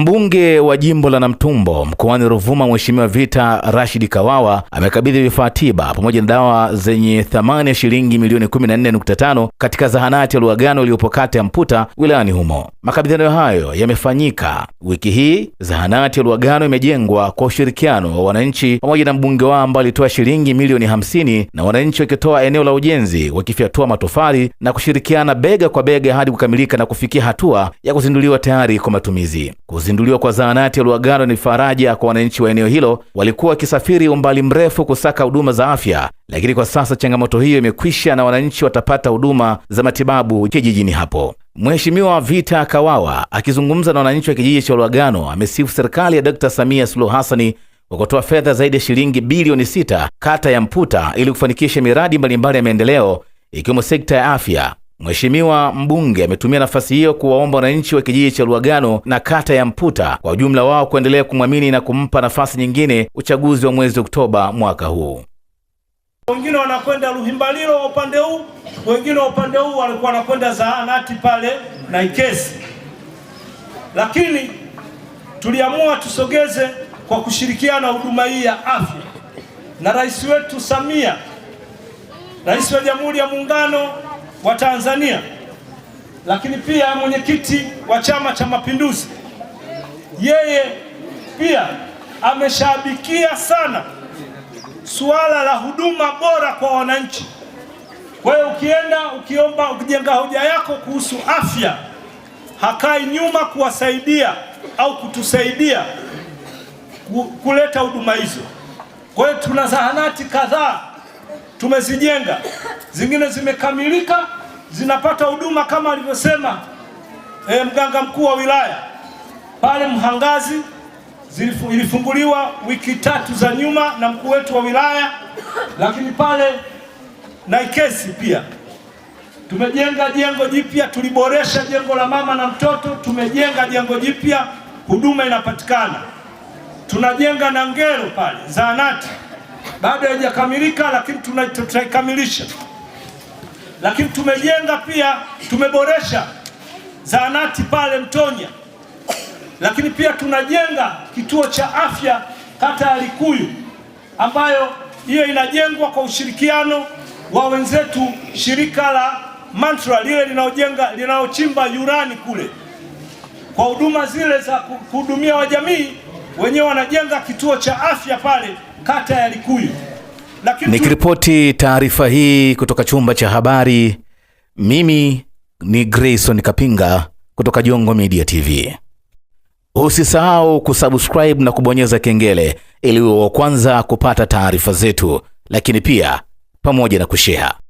Mbunge wa jimbo la Namtumbo mkoani Ruvuma, Mheshimiwa Vita Rashid Kawawa amekabidhi vifaa tiba pamoja na dawa zenye thamani ya shilingi milioni 14.5 katika zahanati ya Luagano iliyopo kata ya Mputa wilayani humo. Makabidhiano hayo yamefanyika wiki hii. Zahanati ya Luagano imejengwa kwa ushirikiano wa wananchi pamoja na mbunge wao ambaye alitoa shilingi milioni 50 na wananchi wakitoa eneo la ujenzi, wakifyatua matofali na kushirikiana bega kwa bega hadi kukamilika na kufikia hatua ya kuzinduliwa tayari kwa matumizi. Kuzinduliwa kwa zahanati ya Luagano ni faraja kwa wananchi wa eneo hilo walikuwa wakisafiri umbali mrefu kusaka huduma za afya, lakini kwa sasa changamoto hiyo imekwisha na wananchi watapata huduma za matibabu kijijini hapo. Mheshimiwa Vita Kawawa akizungumza na wananchi wa kijiji cha Luagano amesifu serikali ya Dkt. Samia Suluhu Hassani kwa kutoa fedha zaidi ya shilingi bilioni sita kata ya Mputa ili kufanikisha miradi mbalimbali ya maendeleo ikiwemo sekta ya afya, Mheshimiwa mbunge ametumia nafasi hiyo kuwaomba wananchi wa kijiji cha Luagano na kata ya Mputa kwa ujumla wao kuendelea kumwamini na kumpa nafasi nyingine uchaguzi wa mwezi Oktoba mwaka huu. Wengine wanakwenda Luhimbalilo wa upande huu, wengine wa upande huu walikuwa wanakwenda zahanati pale na Ikesi, lakini tuliamua tusogeze kwa kushirikiana huduma hii ya afya na rais wetu Samia, rais wa Jamhuri ya Muungano wa Tanzania, lakini pia mwenyekiti wa Chama cha Mapinduzi, yeye pia ameshabikia sana suala la huduma bora kwa wananchi. Kwa hiyo ukienda ukiomba, ukijenga hoja yako kuhusu afya, hakai nyuma kuwasaidia au kutusaidia kuleta huduma hizo. Kwa hiyo tuna zahanati kadhaa tumezijenga zingine zimekamilika, zinapata huduma kama alivyosema e, mganga mkuu wa wilaya pale Mhangazi zilifu, ilifunguliwa wiki tatu za nyuma na mkuu wetu wa wilaya, lakini pale na Ikesi pia tumejenga jengo jipya, tuliboresha jengo la mama na mtoto, tumejenga jengo jipya, huduma inapatikana. Tunajenga na Ngero pale zahanati, bado haijakamilika, lakini tunaikamilisha lakini tumejenga pia, tumeboresha zahanati pale Mtonya, lakini pia tunajenga kituo cha afya kata ya Likuyu ambayo hiyo inajengwa kwa ushirikiano wa wenzetu shirika la Mantra lile linaojenga linalochimba yurani kule kwa huduma zile za kuhudumia wajamii wenyewe wanajenga kituo cha afya pale kata ya Likuyu. Nikiripoti taarifa hii kutoka chumba cha habari, mimi ni Grayson Kapinga kutoka Jongo Media TV. Usisahau kusubscribe na kubonyeza kengele ili uwe wa kwanza kupata taarifa zetu, lakini pia pamoja na kushare.